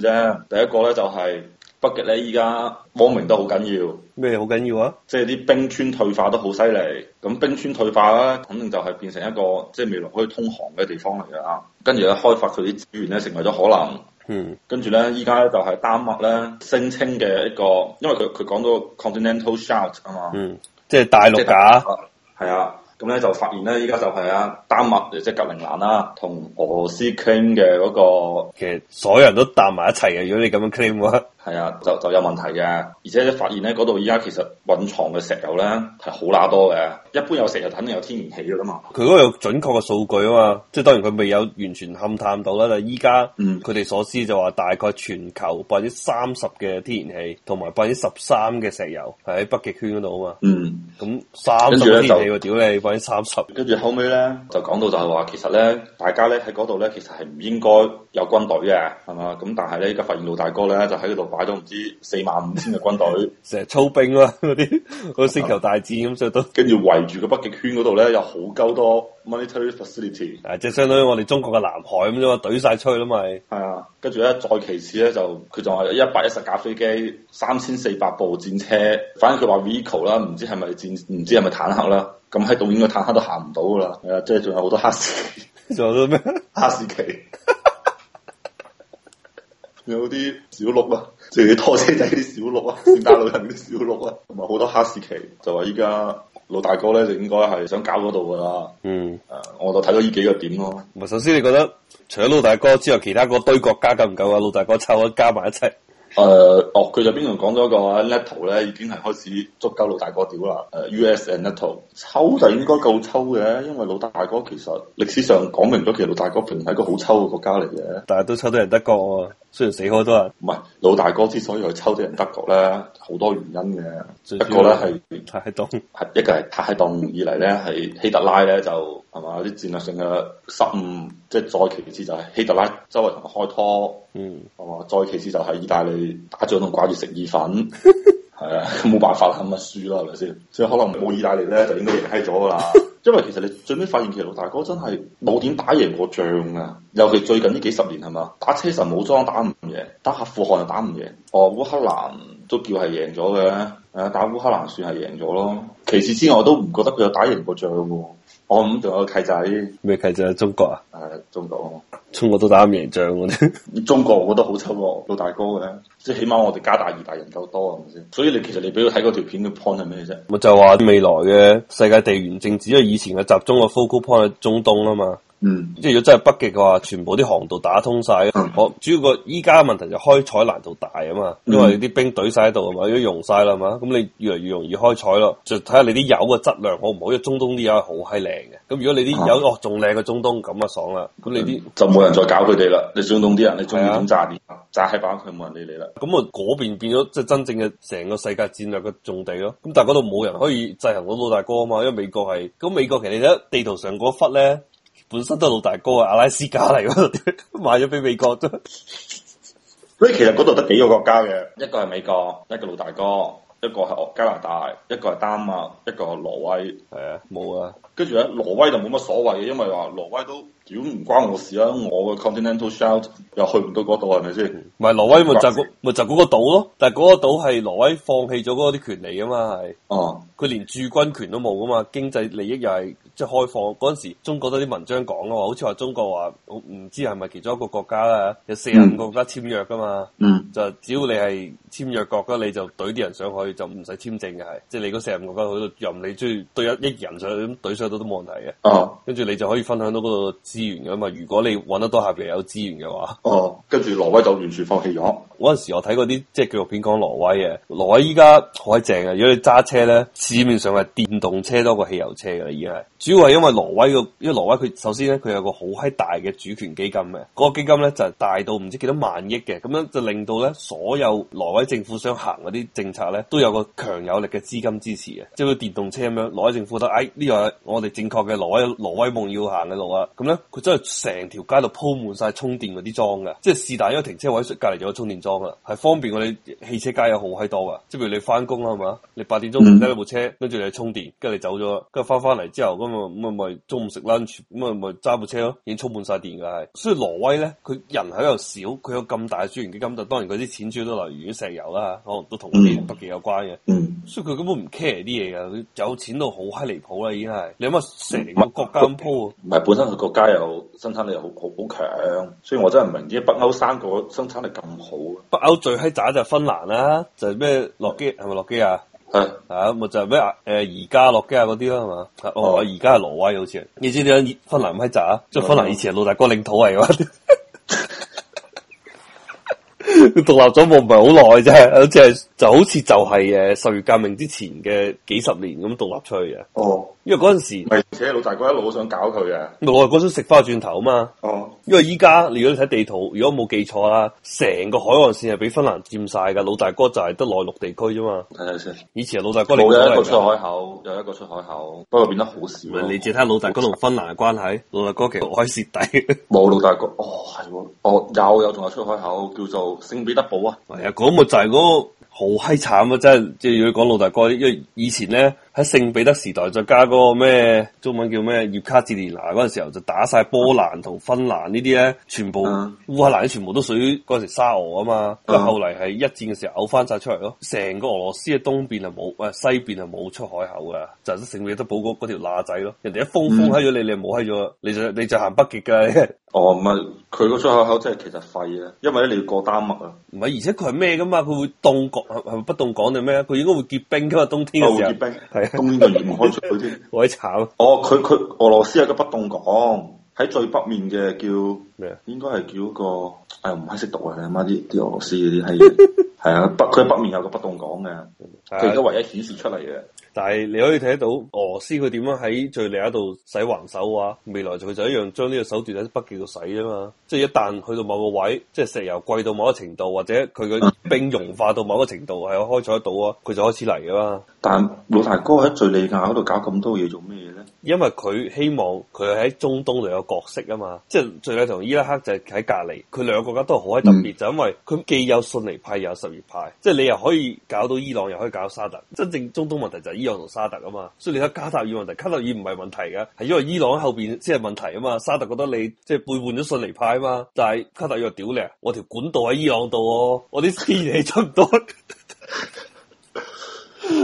啫，第一個咧就係北極咧，依家光明都好緊要。咩好緊要啊？即係啲冰川退化都好犀利。咁冰川退化咧，肯定就係變成一個即係未來可以通航嘅地方嚟噶。跟住咧，開發佢啲資源咧，成為咗可能。嗯。跟住咧，依家咧就係丹麥咧聲稱嘅一個，因為佢佢講到 continental shelf 啊嘛。Charge, 嗯。即係大陸架。係啊。咁咧就發現咧，依家就係啊丹麥，即係格陵蘭啦，同俄羅斯 claim 嘅嗰個，其實所有人都搭埋一齊嘅。如果你咁樣 claim 嘅話。係啊，就就有問題嘅，而且你發現咧嗰度依家其實蘊藏嘅石油咧係好乸多嘅。一般有石油，肯定有天然氣嘅啦嘛。佢嗰度有準確嘅數據啊嘛，嗯、即係當然佢未有完全勘探到啦。但係依家佢哋所知就話大概全球百分之三十嘅天然氣同埋百分之十三嘅石油係喺北極圈嗰度啊嘛。嗯，咁三十天然氣，嗯、然屌你百分之三十。跟住後尾咧就講到就係話，其實咧大家咧喺嗰度咧其實係唔應該有軍隊嘅，係嘛？咁但係咧依家發現老大哥咧就喺嗰度買咗唔知四萬五千嘅軍隊，成日 操兵啦，嗰啲嗰星球大戰咁， 所以都跟住圍住個北極圈嗰度咧，有好鳩多 Military Facility，誒、啊，即係相當於我哋中國嘅南海咁啫嘛，懟晒出去啦嘛。係啊，跟住咧再其次咧就，佢仲話有一百一十架飛機，三千四百部戰車，嗯、反正佢話 Vehicle 啦，唔知係咪戰，唔知係咪坦克啦，咁喺導演個坦克都行唔到噶啦。係啊，即係仲有好多哈士奇，仲有咩哈士奇？有啲小鹿啊，即係拖車仔啲小鹿啊， 大陸人啲小鹿啊，同埋好多哈士奇，就話依家老大哥咧，就應該係想搞嗰度噶啦。嗯，誒，我就睇到呢幾個點咯。唔係，首先你覺得除咗老大哥之外，其他嗰堆國家夠唔夠啊？老大哥抽加埋一齊。誒、 呃，哦，佢就邊度講咗個 NATO 咧，已經係開始捉鳩老大哥屌啦。誒、呃、，U.S. and NATO 抽就應該夠抽嘅，因為老大哥其實歷史上講明咗，其實老大哥平時係一個好抽嘅國家嚟嘅。但係都抽得人得過啊。雖然死好多人，唔係老大哥之所以去抽啲人德國咧，好多原因嘅。一個咧係太凍，係一個係太凍。二嚟咧係希特拉咧就係嘛啲戰略性嘅失誤，即係再其次就係希特拉周圍同佢開拖，嗯，係嘛。再其次就係意大利打仗都掛住食意粉，係 啊，冇辦法啦，咁咪輸啦，係咪先？所以可能冇意大利咧就應該贏閪咗噶啦。 因為其實你最尾發現其實老大哥真係冇點打贏過仗啊，尤其最近呢幾十年係嘛，打車臣武裝打唔贏，打阿富汗又打唔贏，哦烏克蘭都叫係贏咗嘅，誒打烏克蘭算係贏咗咯，其次之外我都唔覺得佢有打贏過仗嘅、啊。我咁仲有契仔，咩契仔？中國啊，係、啊、中國中國都打唔贏仗嗰、啊、啲。 中國我覺得好慘喎，老大哥嘅，即起碼我哋加大二大人口多啊，係咪先？所以你其實你俾佢睇嗰條片嘅 point 係咩啫？咪就話未來嘅世界地緣政治，因為以前嘅集中個 focal point 係中東啊嘛。嗯，即係如果真係北極嘅話，全部啲航道打通晒，我、嗯、主要個依家嘅問題就開採難度大啊嘛，嗯、因為啲冰堆晒喺度啊嘛，如果融晒啦嘛，咁你越嚟越容易開採咯。就睇下你啲油嘅質量好唔好，因為中東啲油係好閪靚嘅，咁如果你啲油、啊、哦仲靚過中東，咁啊爽啦，咁你啲、嗯、就冇人再搞佢哋啦。嗯、你中東啲人，你仲要點炸點，炸喺邊佢冇人理你啦。咁啊，嗰邊、嗯、變咗即係真正嘅成個世界戰略嘅重地咯。咁但係嗰度冇人可以制衡到老大哥啊嘛，因為美國係，咁美國其實喺地圖上嗰忽咧。本身都係老大哥啊，阿拉斯加嚟，賣咗俾美國啫。所以其實嗰度得幾個國家嘅，一個係美國，一個老大哥，一個係加拿大，一個係丹麥，一個係挪威。係啊，冇啊。跟住咧，挪威就冇乜所謂嘅，因為話挪威都。如果唔關我事啊，我嘅 Continental Shelf 又去唔到嗰度係咪先？唔係挪威咪就嗰咪乖就嗰個島咯，但係嗰個島係挪威放棄咗嗰啲權利嘛啊嘛係。哦，佢連駐軍權都冇噶嘛，經濟利益又係即係開放嗰陣時，中國都啲文章講啊嘛，好似話中國話唔知係咪其中一個國家啦，有四十五個國家簽約噶嘛。嗯，就只要你係簽約國家，你就隊啲人上去就唔使簽證嘅係，即係你嗰四十五個國家去到任你中意隊一億人上去，隊上，上去都冇問題嘅。哦、啊，跟住你就可以分享到嗰、那個。資源噶嘛？如果你揾得多下邊有資源嘅話，哦，跟住挪威就完全放棄咗。嗰陣時我睇過啲即係紀錄片講挪威嘅，挪威依家好閪正嘅。如果你揸車咧，市面上係電動車多過汽油車嘅啦，已經係。主要係因為挪威個，因為挪威佢首先咧佢有個好閪大嘅主權基金嘅，嗰個基金咧就係大到唔知幾多萬億嘅，咁樣就令到咧所有挪威政府想行嗰啲政策咧都有個強有力嘅資金支持嘅，即係好似電動車咁樣，挪威政府都，哎呢個我哋正確嘅挪威、挪威夢要行嘅路啊，咁咧。佢真係成條街度鋪滿晒充電嗰啲樁嘅，即係但因為停車位隔籬就有充電樁啦，係方便我哋汽車街又好閪多噶。即係譬如你翻工啦，係嘛？你八點鐘停低你部車，嗯、跟住你去充電，跟住你走咗，跟住翻翻嚟之後，咁啊咁啊咪中午食 lunch，咁啊咪揸部車咯，已經充滿晒電嘅係。所以挪威咧，佢人口又少，佢有咁大嘅資源基金，就當然佢啲錢主要都來源於石油啦，可能都同北極有關嘅。嗯、所以佢根本唔 care 啲嘢嘅，佢有錢都好閪離譜啦，已經係。你諗下成個國家咁鋪，唔係、嗯嗯、本身係國家又生產力又好好好強，所以我真係唔明，點解北歐三個生產力咁好？北歐最閪渣就係芬蘭啦、啊，就係咩諾基係咪諾基亞啊？是啊，咪就係咩誒，宜家諾基亞嗰啲啦，係嘛、啊？哦，而家係挪威好似，你知唔知芬蘭唔閪渣？即係、嗯、芬蘭以前係老大哥領土嚟、啊、嘅，獨 立咗部唔係好耐啫，好似係。就好似就係、是、誒十月革命之前嘅幾十年咁獨立出去嘅，哦，因為嗰陣時，而且老大哥一路好想搞佢嘅，唔係我係我想食翻轉頭啊嘛哦，因為依家如果你睇地圖，如果冇記錯啦，成個海岸線係俾芬蘭佔晒噶，老大哥就係得內陸地區啫嘛。睇睇先，以前老大哥冇一個出海口，有一個出海口，不過變得好少、啊。唔係你自睇老大哥同芬蘭嘅關係，老大哥其實愛蝕底。冇老大哥哦，係喎，哦有有仲有，有出海口，叫做聖彼得堡啊，係啊，嗰、嗰個就係嗰個。好閪慘啊！真係，即係要講老大哥，因為以前咧。喺聖彼得時代，再加嗰個咩中文叫咩葉卡捷琳娜嗰陣時候，就打晒波蘭同芬蘭呢啲咧，全部、嗯、烏克蘭全部都屬於嗰時沙俄啊嘛。咁、嗯、後嚟係一戰嘅時候，嘔翻晒出嚟咯。成個俄羅斯嘅東邊啊冇，喂西邊啊冇出海口噶，就係、是、聖彼得堡嗰嗰條罅仔咯。人哋一封封喺咗你，嗯、你冇喺咗，你就你就行北極㗎。哦，唔係佢個出口口真係其實廢啊，因為你要過丹麥啊。唔係，而且佢係咩噶嘛？佢會凍港係係咪不凍港定咩啊？佢應該會結冰噶嘛，冬天嘅時候。結冰。 冬天就唔開出去啲，我喺炒。哦，佢佢俄羅斯有個不凍港，喺最北面嘅叫咩啊？應該係叫個，哎唔係識讀啊！你阿媽啲啲俄羅斯嗰啲閪係啊，北佢北面有個不凍港嘅，佢而家唯一顯示出嚟嘅。但係你可以睇到俄羅斯佢點樣喺敘利亞度使橫手啊？未來佢就一樣將呢個手段喺北極度使啫嘛。即係一旦去到某個位，即係石油貴到某一個程度，或者佢嘅冰融化到某一個程度係開採得到啊，佢 就開始嚟噶啦。但係老大哥喺敘利亞嗰度搞咁多嘢做咩咧？因為佢希望佢喺中東就有個角色啊嘛，即係敘利亞同伊拉克就喺隔籬，佢兩個國家都係好閪特別，就、嗯、因為佢既有遜尼派又有什葉派，即、就、係、是、你又可以搞到伊朗，又可以搞沙特。真正中東問題就係伊朗同沙特啊嘛，所以你睇卡塔爾問題，卡塔爾唔係問題嘅，係因為伊朗喺後邊先係問題啊嘛，沙特覺得你即係、就是、背叛咗遜尼派啊嘛，但係卡塔爾又屌你啊，我條管道喺伊朗度哦，我啲錢嚟差唔多。.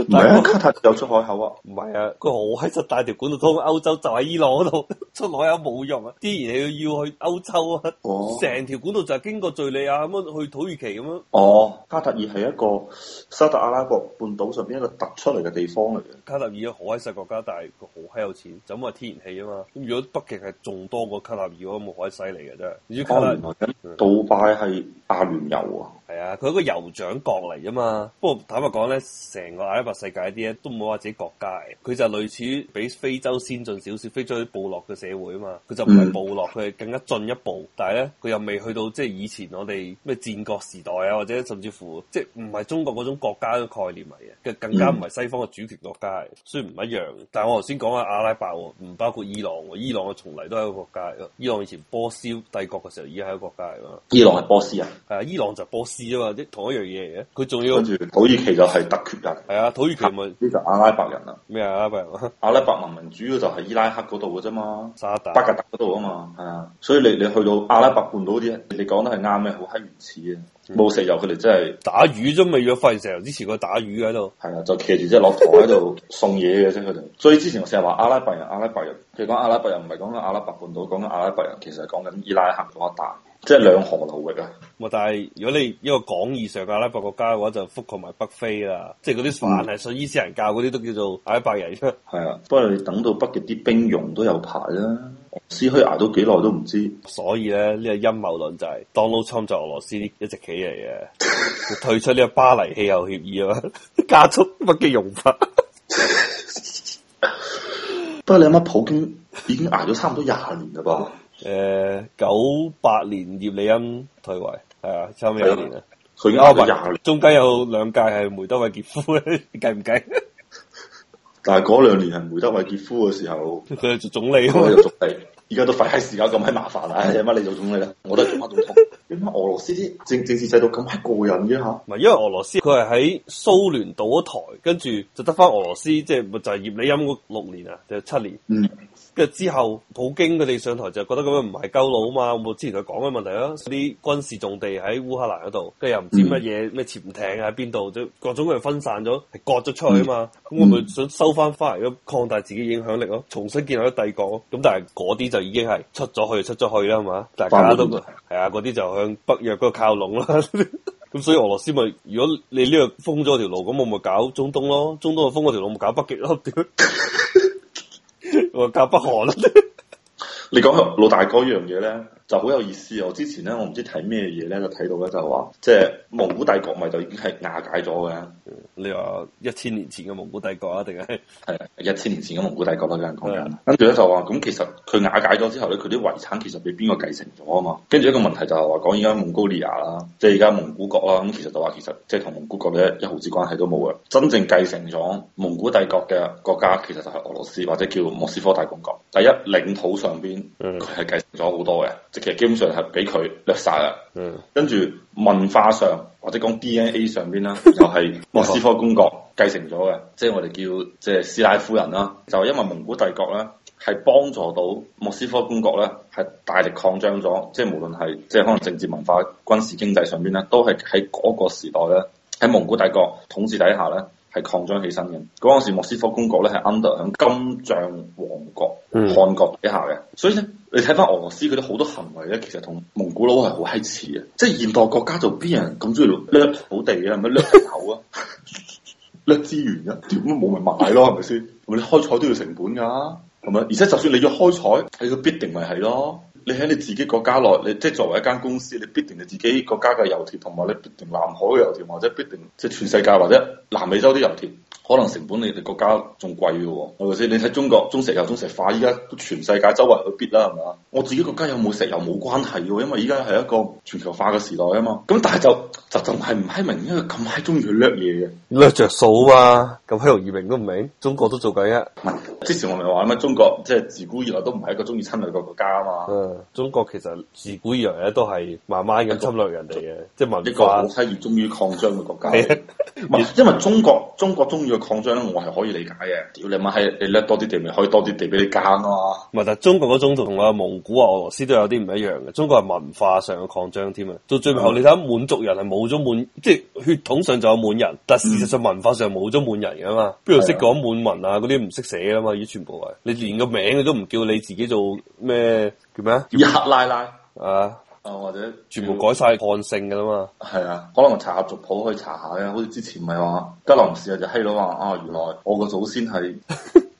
唔係啊，卡塔有出海口啊，唔係啊，佢好閪塞大條管道通歐洲，就喺伊朗嗰度出海都、啊、冇用啊，天然氣要要去歐洲啊，成條、哦、管道就係經過敘利亞咁樣去土耳其咁樣。哦，卡塔爾係一個沙特阿拉伯半島上邊一個突出嚟嘅地方嚟嘅。卡塔爾好閪細國家，但係佢好閪有錢，就咁、是、啊天然氣啊嘛。咁如果北極係仲多過卡塔爾咁，冇好閪犀利嘅真係。如果卡塔爾杜拜係亞聯酋啊。係啊，佢係一個酋長國嚟啫嘛。不過坦白講咧，成個阿拉伯世界啲咧都冇話自己國家嘅，佢就類似俾非洲先進少少，非洲啲部落嘅社會啊嘛。佢就唔係部落，佢係更加進一步。但係咧，佢又未去到即係以前我哋咩戰國時代啊，或者甚至乎即係唔係中國嗰種國家嘅概念嚟嘅。更加唔係西方嘅主權國家，雖然唔一樣。但係我頭先講啊，阿拉伯唔包括伊朗，伊朗我從嚟都係一個國家。伊朗以前波斯帝國嘅時候，已經係一個國家嚟噶嘛。伊朗係波斯人、啊，係啊、嗯，伊朗就波斯。事啊嘛，同一樣嘢嚟嘅。佢仲要跟住土耳其就係突厥人，係啊，土耳其咪呢就阿拉伯人啊？咩阿拉伯人？阿拉伯文明主要就係伊拉克嗰度嘅啫嘛，巴格達嗰度啊嘛，係啊。所以你你去到阿拉伯半島啲你講得係啱嘅，好閪原始啊！冇石油佢哋真係打魚啫嘛，用廢石油之前佢打魚喺度。係啊，就騎住即係駱駝喺度送嘢嘅啫，佢哋。所以之前我成日話阿拉伯人，阿拉伯人，佢講阿拉伯人唔係講緊阿拉伯半島，講緊阿拉伯人，其實係講緊伊拉克嗰一笪。即係兩河流域啊！咪但係如果你一個廣義上嘅阿拉伯國家嘅話，就覆蓋埋北非啦。即係嗰啲凡係信伊斯蘭教嗰啲，都叫做阿拉伯人出。係啊，不過你等到北極啲冰融都有排啦，斯虛挨到幾耐都唔知。所以咧，呢個陰謀論就係當勞侵係俄羅斯呢一隻棋嚟嘅，退出呢個巴黎氣候協議啊，加速北極融化。不過你諗下，普京已經挨咗差唔多廿年啦噃。誒，九八、uh, 年葉利欽退位，係啊，差唔多一年啊？佢啱廿年，中間有兩屆係梅德韋傑夫，你計唔計？但係嗰兩年係梅德韋傑夫嘅時候，佢係做,做總理。理。 而家都費閪時間咁閪麻煩啊！有乜你做總理啦？我都係做乜總統？點解 俄羅斯啲政政治制度咁係個人嘅吓、啊？唔係，因為俄羅斯佢係喺蘇聯倒咗台，跟住就得翻俄羅斯，即係就係葉利欽嗰六年啊，定係七年？嗯。嗯跟住之後，普京佢哋上台就覺得咁樣唔係夠老嘛，我之前佢講嘅問題咯，啲軍事重地喺烏克蘭嗰度，跟住又唔知乜嘢咩潛艇喺邊度，就各種嘅分散咗，係割咗出去啊嘛，咁我咪想收翻翻嚟，咁擴大自己影響力咯，重新建立個帝國。咁但係嗰啲就已經係出咗去，出去，出咗去啦，係嘛？大家都係啊，嗰啲就向北約嗰度靠攏啦。咁 所以俄羅斯咪，如果你呢度封咗條路，咁我咪搞中東咯，中東又封咗條路，咪搞北極咯， 我教不學， 你講老大哥呢樣嘢咧？就好有意思啊！我之前咧，我唔知睇咩嘢咧，就睇到咧就話，即係蒙古帝國咪就已經係瓦解咗嘅。你話一千年前嘅蒙古帝國啊，定係係一千年前嘅蒙古帝國啦，有人講緊。跟住咧就話，咁其實佢瓦解咗之後咧，佢啲遺產其實俾邊個繼承咗啊？嘛，跟住一個問題就係話講，而家蒙古利亞啦，即係而家蒙古國啦，咁其實就話其實即係同蒙古國咧一毫子關係都冇啊。真正繼承咗蒙古帝國嘅國家，其實就係俄羅斯或者叫莫斯科大公國。第一，領土上邊佢係繼承咗好多嘅。其實基本上係俾佢掠晒啦，嗯，跟住文化上或者講 DNA 上邊啦，就係莫斯科公國繼承咗嘅， 即係我哋叫即係斯拉夫人啦，就是，因為蒙古帝國咧係幫助到莫斯科公國咧係大力擴張咗，即係無論係即係可能政治文化、軍事經濟上邊咧，都係喺嗰個時代咧喺蒙古帝國統治底下咧係擴張起身嘅。嗰陣時莫斯科公國咧係 under 響金帳王國、汗國底下嘅，嗯、所以咧。你睇翻俄羅斯嗰啲好多行為咧，其實同蒙古佬係好嗨似嘅。即係現代國家就邊人咁中意掠土地啊，係咪？掠石油啊，掠資 源啊？點都冇咪買咯，係咪先？同埋你開採都要成本噶、啊，係咪？而且就算你要開採，你個必定咪係咯？你喺你自己國家內，你即係作為一間公司，你必定你自己國家嘅油田，同埋你必定南海嘅油田，或者必定即係全世界或者南美洲啲油田。可能成本你哋國家仲貴嘅喎、哦，係咪先？你睇中國中石油、中石化，依家都全世界周圍都必啦，係嘛？我自己國家有冇石油冇關係嘅，因為依家係一個全球化嘅時代啊嘛。咁但係就就就係唔係明，因為咁係中意去掠嘢嘅，掠着數啊咁喺度移明都唔明，中國都做緊嘅、嗯。之前我咪話咩？中國即係、就是、自古以來都唔係一個中意侵略嘅國家啊嘛、嗯。中國其實自古以來咧都係慢慢咁侵略人哋嘅，即係文化一個好閪熱衷於擴張嘅國家。 因為中國中國中意。擴張我係可以理解嘅，屌你媽閪，你叻多啲地咪可以多啲地俾你揀咯。唔係，但係中國嗰種就同我蒙古啊、俄羅斯都有啲唔一樣嘅。中國係文化上嘅擴張添啊。到最後你睇滿族人係冇咗滿，即係血統上就有滿人，但係事實上文化上冇咗滿人噶嘛。邊個識講滿文啊？嗰啲唔識寫啊嘛，已經全部係你連個名你都唔叫你自己做咩叫咩拉，拉啊？啊！或者全部改晒漢姓噶啦嘛，係啊，可能查下族譜可以查下嘅，好似之前咪係話吉林市啊，就閪佬話啊，原來我個祖先係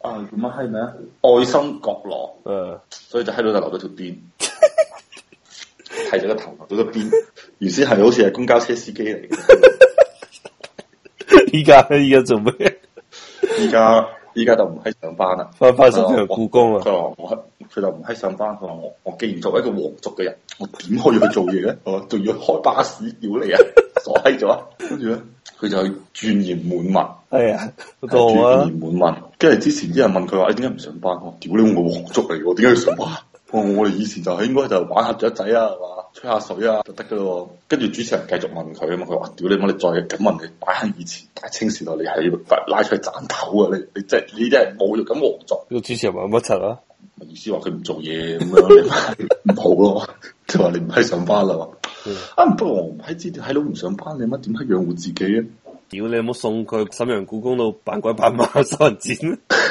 啊，做乜閪咩啊？愛新覺羅，誒，所以就閪佬就留咗條辮，繫咗個頭，嗰個辮原先係好似係公交車司機嚟嘅，依家依家做咩？依家。依家就唔喺上班啦，翻翻身去故宮啊！佢話我佢就唔喺上班，佢話我我既然作為一個皇族嘅人，我點可以去做嘢咧？ 我都要開巴士屌你啊！傻閪咗，啊！ 跟住咧佢就鑽研滿文，係啊、哎呀，做啊，鑽研滿文，跟住之前啲人問佢話：，你點解唔上班？我屌你，我皇族嚟，我點解要上班？我哋以前就係、是、應該就玩下雀仔啊，係嘛，吹下水啊，就得噶咯。跟住主持人繼續問佢啊嘛，佢話：屌你媽，你再咁問你，擺喺以前大清時代你係要拉出去斬頭啊？你你即係呢啲係侮辱咁王座。呢個主持人話乜柒啊？意思話佢唔做嘢咁樣，你唔好咯。即係話你唔喺上班啦。 啊，不過喺呢啲喺度唔上班，你媽點去養活自己啊？屌你有冇送佢去瀋陽故宮度扮鬼扮馬殺人展？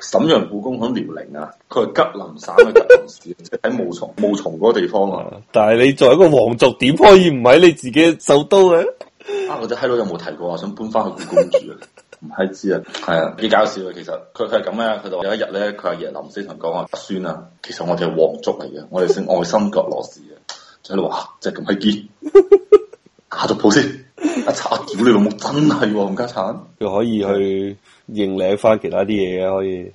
瀋陽故宮響遼寧啊，佢係吉林省嘅吉林市，即係喺霧凇霧凇嗰個地方啊。啊但係你作為一個皇族，點可以唔喺你自己首都咧、啊？啊，我啲閪佬有冇提過啊？想搬翻去故宮住 啊？唔知啊，係啊，幾搞笑啊！其實佢佢係咁嘅，佢就有一日咧，佢阿爺臨死同講話，阿孫啊，其實我哋係皇族嚟嘅，我哋姓愛新覺羅氏啊。就喺度話，即係咁閪堅，下族譜先，一查屌你老母，真係冚家鏟。佢可以去。認領翻其他啲嘢嘅可以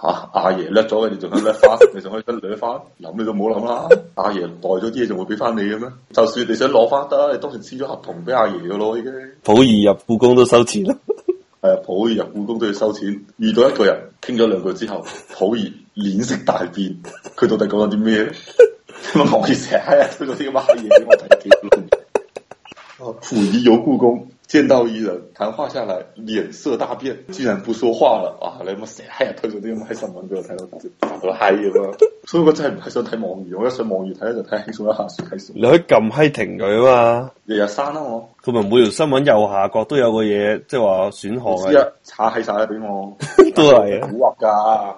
吓、啊，阿爺甩咗你，你仲肯甩翻？你仲可以跟甩翻？諗 你都冇好諗啦！阿爺袋咗啲嘢，仲會俾翻你嘅咩？就算你想攞翻得，你當時簽咗合同俾阿爺嘅咯，已經溥儀入故宮都收錢啦。係啊，溥儀入故宮都要收錢。遇到一個人傾咗兩句之後，溥儀臉色大變，佢到底講咗啲咩？咁我哋成日喺度推啲咁嘅黑嘢俾我睇，幾好啊！溥儀有故宮。見到一人談話下來，臉色大變，竟然不說話了。啊，你咪成日推咗啲咁嘅新聞俾我睇到都都嗨，所以我真係唔係想睇網易，我一上網易睇就睇輕鬆一下，睇少。你可以撳閪停佢啊嘛，日日刪啦我。同埋每條新聞右下角都有個嘢，即係話選項啊。查閪晒俾我，都係好古惑噶。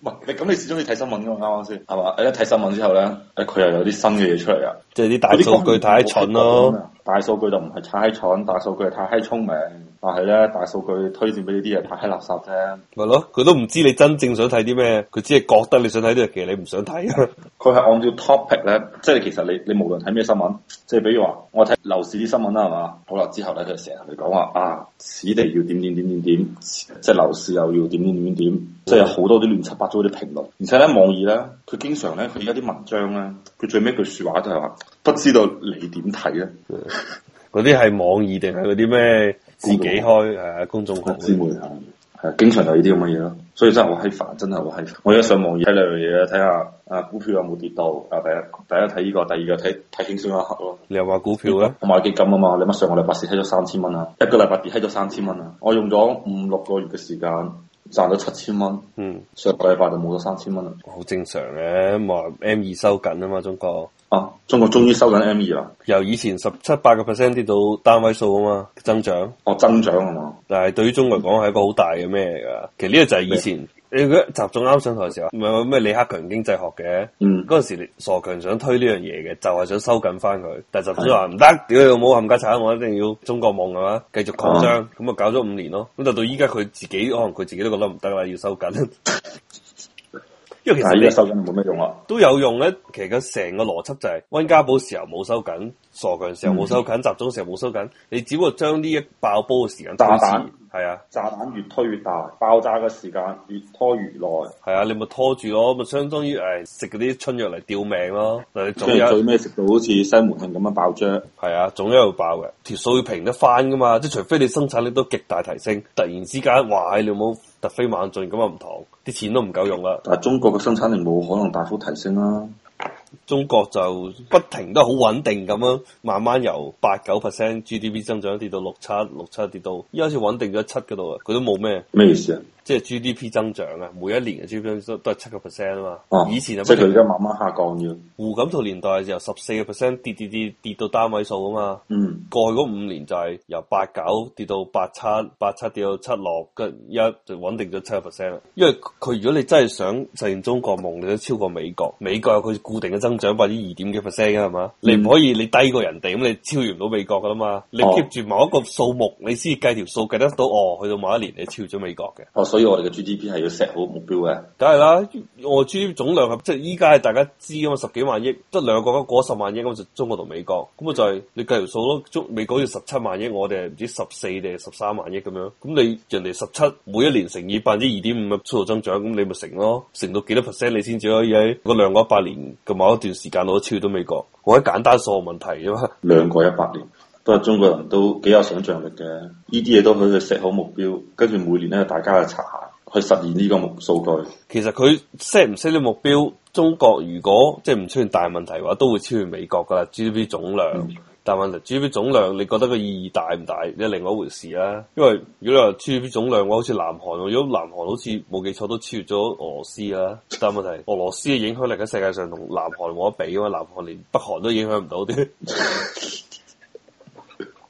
誒，你咁，你始終要睇新聞噶嘛？啱啱先？係嘛？一睇新聞之後咧，佢又有啲新嘅嘢出嚟啊，即係啲大數據太蠢咯。大數據就唔係太閪蠢，大數據係太閪聰明，但係咧，大數據推薦俾呢啲嘢太閪垃圾啫。咪咯，佢都唔知你真正想睇啲咩，佢只係覺得你想睇啲，其實你唔想睇。佢 係按照 topic 咧，即係其實你你無論睇咩新聞，即係比如話我睇樓市啲新聞啦，係嘛？好啦，之後咧佢成日嚟講話啊，此地要點點點點點，即係樓市又要點點點點，即係有好多啲亂七八糟啲評論。而且咧網易咧，佢經常咧佢而家啲文章咧，佢最尾句説話就係話。不知道你點睇咧？嗰啲係網易定係嗰啲咩？自己開誒，公眾號自媒體係經常係呢啲咁嘅嘢咯。所以真係好閪煩，真係好閪煩。我一上網易睇兩樣嘢，睇下啊股票有冇跌到。啊第一，第一睇呢個，第二個睇睇輕鬆一刻咯。你又話股票咧？我買基金啊嘛，你乜上個禮拜蝕咗三千蚊啊？一個禮拜跌蝕咗三千蚊啊！我用咗五六個月嘅時間賺咗七千蚊。7，嗯，上個禮拜就冇咗三千蚊啦。好正常嘅，咁啊，M 二收緊啊嘛，中國。哦、啊，中國終於收緊 M 二啦，由以前十七八個 percent 跌到單位數啊嘛，增長哦增長係嘛，但係對於中國嚟講係一個好大嘅咩噶其實呢個就係以前你嗰習總啱上台嘅時候，唔係咩李克強經濟學嘅，嗯，嗰陣時傻強想推呢樣嘢嘅，就係想收緊翻佢，但係習總話唔得，屌又冇冚家鏟，我一定要中國夢係嘛，繼續擴張，咁啊搞咗五年咯，咁就到依家佢自己可能佢自己都覺得唔得啦，要收緊。 因為其實你收緊冇咩用啊，都有用咧。其實成個邏輯就係、是、温家寶時候冇收緊，傻強時候冇收緊，嗯、集中時候冇收緊。你只不過將呢一爆煲嘅時間炸彈係啊，炸彈越推越大，爆炸嘅時間越拖越耐。係啊，你咪拖住咯，咪相當於誒食嗰啲春藥嚟吊命咯、啊。即係最尾食、啊、到好似西門慶咁樣爆漿。係啊，總有一日爆嘅條數要平得翻噶嘛？即係除非你生產力都極大提升，突然之間壞你冇。突飛猛進咁啊唔同，啲錢都唔夠用啦。但係中國嘅生產力冇可能大幅提升啦、啊。中國就不停都好穩定咁樣，慢慢由八九 percent GDP 增長跌到六七六七，跌到，依家好似穩定咗七嗰度啊，佢都冇咩，咩意思啊？即係 GDP 增長啊，每一年嘅 GDP 都都係七個 percent 啊嘛。哇以前就不停即係佢而家慢慢下降咗。胡錦濤年代由十四個 percent 跌跌跌跌到單位數啊嘛。嗯，過去嗰五年就係由八九跌到八七，八七跌到七六，跟一就穩定咗七個 percent 啦。因為佢如果你真係想實現中國夢，你都超過美國，美國有佢固定嘅增長百分之二點幾 percent 嘅係嘛？啊嗯、你唔可以你低過人哋，咁你超越唔到美國噶啦嘛。你 keep 住某一個數目，哦、你先至計條數計得到，哦，去到某一年你超越咗美國嘅。哦哦哦所以我哋嘅 GDP 係要 set 好目標嘅，梗係啦。我哋 GDP 總量係即係依家係大家知啊嘛，十幾萬億，得兩個嗰十萬億咁就中國同美國，咁啊就係、是、你計條數咯，中美國要十七萬億，我哋係唔知十四定係十三萬億咁樣，咁你人哋十七每一年乘以百分之二點五嘅速度增長，咁你咪成咯，成到幾多 percent 你先至可以喺嗰兩個一百年同某一段時間攞得超過到美國？我喺簡單數學問題啫嘛，兩個一百年。不過中國人，都幾有想象力嘅。呢啲嘢都可以 set 好目標，跟住每年咧，大家去查，下去實現呢個目數據。其實佢 set 唔 set 啲目標，中國如果即係唔出現大問題嘅話，都會超越美國噶啦 GDP 總量。嗯、但係問題 GDP 總量，你覺得個意義大唔大？你另外一回事啦、啊。因為如果你話 GDP 總量，話好似南韓，如果南韓好似冇記錯都超越咗俄羅斯啦、啊。但係問題俄羅斯嘅影響力喺世界上同南韓冇得比啊嘛。南韓連北韓都影響唔到啲。